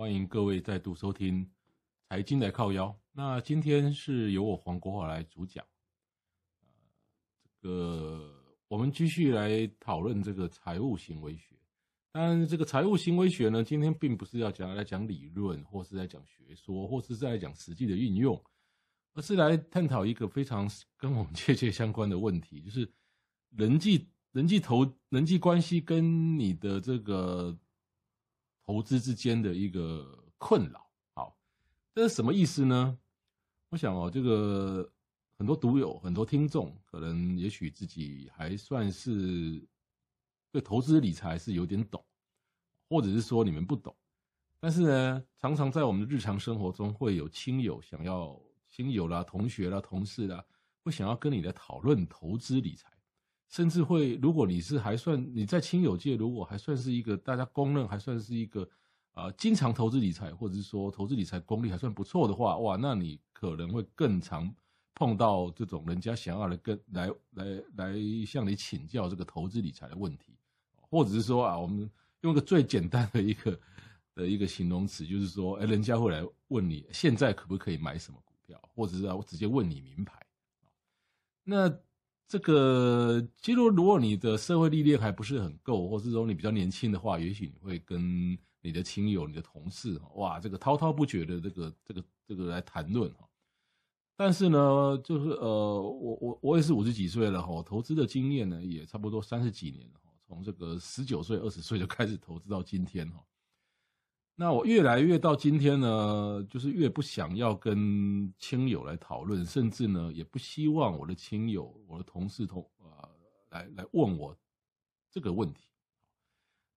歡迎各位再度收聽《財經來靠腰》。那今天是由我黃國華來主講。呃，這個我們繼續來討論這個財務行為學。當然，這個財務行為學呢，今天並不是要講來講理論，或是來講學說，或是再講實際的運用，而是來探討一個非常跟我們切切相關的問題，就是人際、人際投、人際關係跟你的這個。投資之間的一個困擾，好，這是什麼意思呢？我想哦，這個很多讀友、很多聽眾，可能也許自己還算是對投資理財是有點懂，或者是說你們不懂，但是呢，常常在我們的日常生活中，會有親友想要親友啦、同學啦、同事啦，會想要跟你來討論投資理財。甚至會，如果你是還算你在親友界，如果還算是一個大家公認，還算是一個啊、呃，經常投資理財，或者是說投資理財功力還算不錯的話，哇，那你可能會更常碰到這種人家想要來跟來來來向你請教這個投資理財的問題，或者是說啊，我們用一個最簡單的一個的一個形容詞，就是說，哎，人家會來問你現在可不可以買什麼股票，或者是啊，我直接問你名牌，哦、那。這個，其實如果你的社會歷練還不是很夠，或是說你比較年輕的話，也許你會跟你的親友、你的同事，哇，這個滔滔不絕的這個、這個、這個來談論哈。但是呢，就是呃，我我我也是五十幾歲了哈，投資的經驗呢也差不多三十幾年了哈，從這個十九歲、二十歲就開始投資到今天哈。那我越來越到今天呢，就是越不想要跟親友來討論，甚至呢也不希望我的親友、我的同事同呃來來問我這個問題。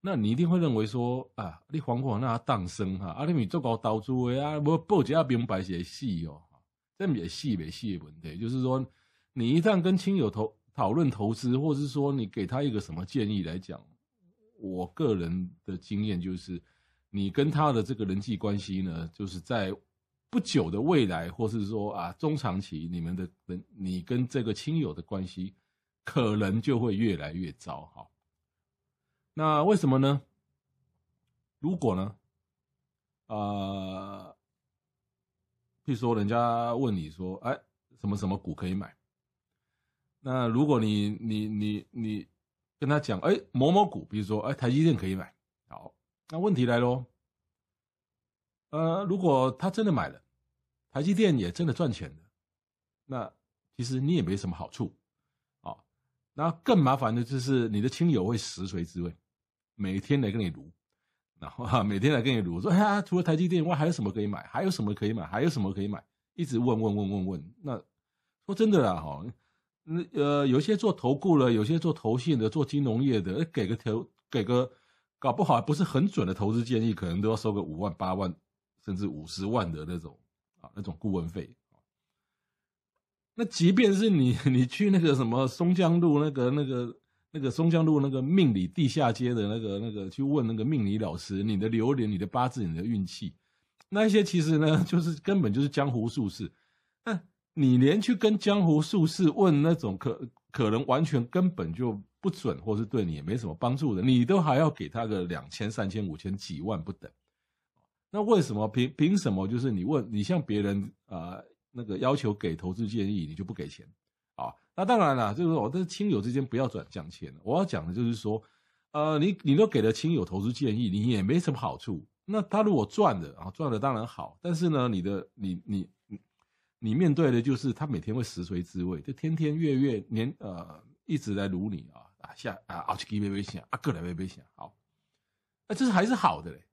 那你一定會認為說啊，阿裡皇冠他當生哈，阿裡米做搞倒做啊，我破解阿兵白寫戲哦，也是戲咪戲的問題，就是說你一旦跟親友投討論投資，或是說你給他一個什麼建議來講，我個人的經驗就是。你跟他的這個人際關係呢，就是在不久的未來，或是說啊，中長期，你們的人，你跟這個親友的關係，可能就會越來越糟哈。那為什麼呢？如果呢，啊、呃，比如說人家問你說，哎，什麼什麼股可以買？那如果你你你你跟他講，哎，某某股，比如說，哎，台積電可以買。那問題來嘍，呃，如果他真的買了，台積電也真的賺錢了，那其實你也沒什麼好處。啊、哦、那更麻煩的就是你的親友會食髓知味，每天來跟你盧，然後每天來跟你盧，說哎呀，除了台積電以外還有什麼可以買？還有什麼可以買？還有什麼可以買？一直問問問問問。那說真的啦，哈、哦，那呃，有些做投顧的，有些做投信的，做金融業的，給個投，給個。搞不好還不是很準的投資建議，可能都要收個五萬八萬，甚至五十萬的那種啊，那種顧問費。那即便是你，你去那個什麼松江路那個、那個、那個松江路那個命理地下街的那個、那個去問那個命理老師，你的流年、你的八字、你的運氣，那一些其實呢，就是根本就是江湖術士。但你連去跟江湖術士問那種可，可可能完全根本就。不準，或是對你也沒什麼幫助的，你都還要給他個兩千、三千、五千、幾萬不等，那為什麼憑憑什麼？就是你問你向別人啊、呃、那個要求給投資建議，你就不給錢啊？那當然了，就是說，但是親友之間不要轉賬錢。我要講的就是說，呃，你你都給了親友投資建議，你也沒什麼好處。那他如果賺了，啊，賺了當然好，但是呢，你的你你你面對的就是他每天會食髓知味，就天天月月年呃一直在擼你啊。啊，下，啊，奧啊，基賠賠啊阿哥來賠賠錢，好，那、啊、這是還是好的嘞。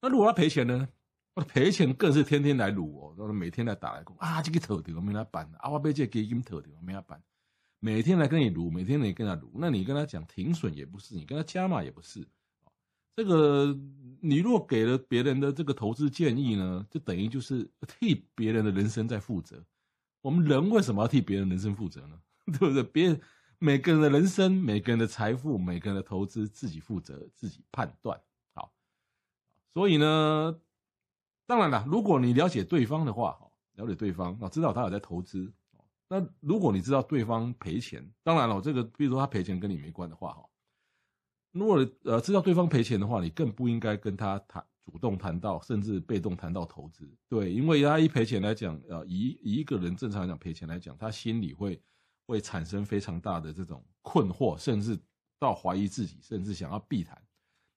那如果要賠錢呢？我賠錢更是天天來辱我、喔，每天來打來啊，這個頭掉沒他辦，啊我被這基金頭掉沒他辦，每天來跟你辱，每天來跟他辱，那你跟他講停損也不是，你跟他加碼也不是啊、喔。這個你如果給了別人的這個投資建議呢，就等於就是替別人的人生在負責。我們人為什麼要替別人人生負責呢？ 對不對？別。每個人的人生，每個人的財富，每個人的投資，自己負責，自己判斷。好，所以呢，當然了，如果你了解對方的話，了解對方啊，知道他有在投資，那如果你知道對方賠錢，當然了，這個比如說他賠錢跟你沒關的話，哈，如果呃知道對方賠錢的話，你更不應該跟他談，主動談到，甚至被動談到投資，對，因為以他一賠錢來講，呃，以以一個人正常來講賠錢來講，他心裡會。會產生非常大的這種困惑，甚至到懷疑自己，甚至想要避談。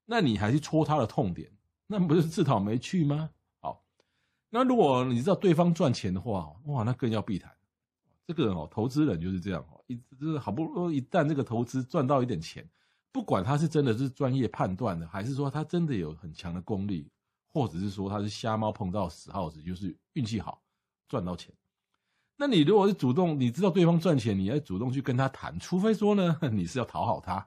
那你還去戳他的痛點，那不是自討沒趣嗎？好，那如果你知道對方賺錢的話，哇，那更要避談。這個人哦，投資人就是這樣哦，一就是、好不容易一旦這個投資賺到一點錢，不管他是真的是專業判斷的，還是說他真的有很強的功力，或者是說他是瞎貓碰到死耗子，就是運氣好，賺到錢。那你如果是主動，你知道對方賺錢，你要主動去跟他談，除非說呢，你是要討好他，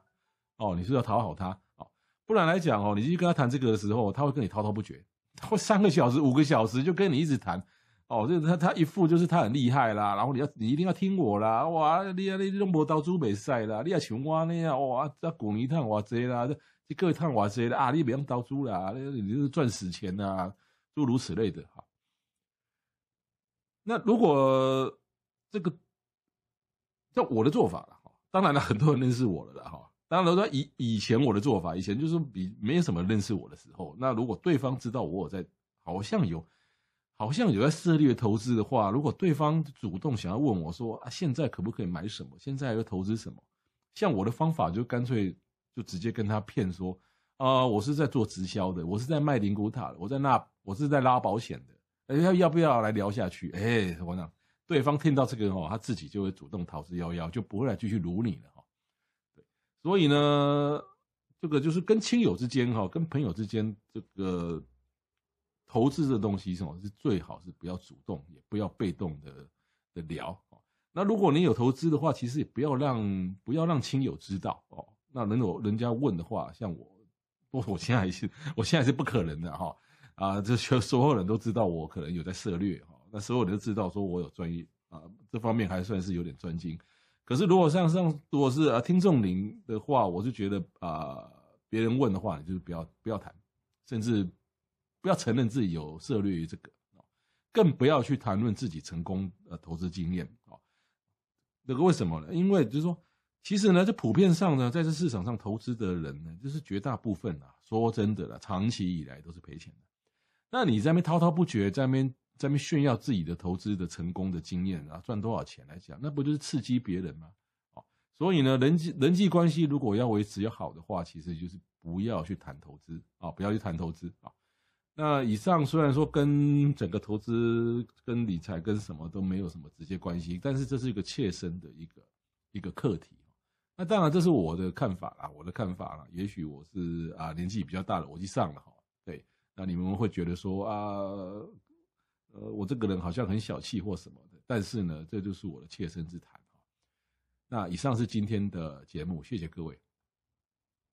哦，你是要討好他哦，不然來講哦，你去跟他談這個的時候，他會跟你滔滔不絕，他會三個小時、五個小時就跟你一直談，哦，這他他一副就是他很厲害啦，然後你要你一定要聽我啦，哇，你啊你攏無投資袂使啦，你要像我你啊，哇，這滾一趟偌濟啦，這過一趟偌濟啦，啊，你不用投資啦，你就是賺死錢吶，諸如此類的那如果這個，在我的做法了哈，當然了，很多人認識我了的哈。當然了，以以前我的做法，以前就是比沒有什麼認識我的時候，那如果對方知道我有在好像有，好像有在涉獵投資的話，如果對方主動想要問我說啊，現在可不可以買什麼？現在要投資什麼？像我的方法就乾脆就直接跟他騙說啊、呃，我是在做直銷的，我是在賣靈骨塔的，我在那我是在拉保險的。要、哎、要不要來聊下去？哎，我對方聽到這個哦，他自己就會主動逃之夭夭，就不會來繼續辱你了哈。對，所以呢，這個就是跟親友之間哈，跟朋友之間這個投資的東西，什麼是最好是不要主動，也不要被動的的聊。那如果你有投資的話，其實也不要讓不要讓親友知道哦。那如果人家問的話，像我，我我現在還是，我現在是不可能的哈。啊，這就所有人都知道我可能有在涉獵哈，那所有人都知道說我有專業啊，這方面還算是有點專精。可是如果像像，如果是啊聽眾您的話，我就覺得啊，別人問的話，你就不要不要談，甚至不要承認自己有涉獵於這個，更不要去談論自己成功的投資經驗啊。那個為什麼呢？因為就是說，其實呢，這普遍上呢，在這市場上投資的人呢，就是絕大部分啊，說真的啦，長期以來都是賠錢的。那你在那邊滔滔不絕，在那邊在那邊炫耀自己的投資的成功的經驗啊，賺多少錢來講，那不就是刺激別人嗎？哦，所以呢，人際人際關係如果要維持要好的話，其實就是不要去談投資啊，不要去談投資啊。那以上雖然說跟整個投資、跟理財、跟什麼都沒有什麼直接關係，但是這是一個切身的一個一個課題，哦。那當然這是我的看法啦，我的看法啦。也許我是啊年紀比較大的，我去上了，好了，對。那你們會覺得說啊，呃，我這個人好像很小氣或什麼的，但是呢，這就是我的切身之談。那以上是今天的節目，謝謝各位。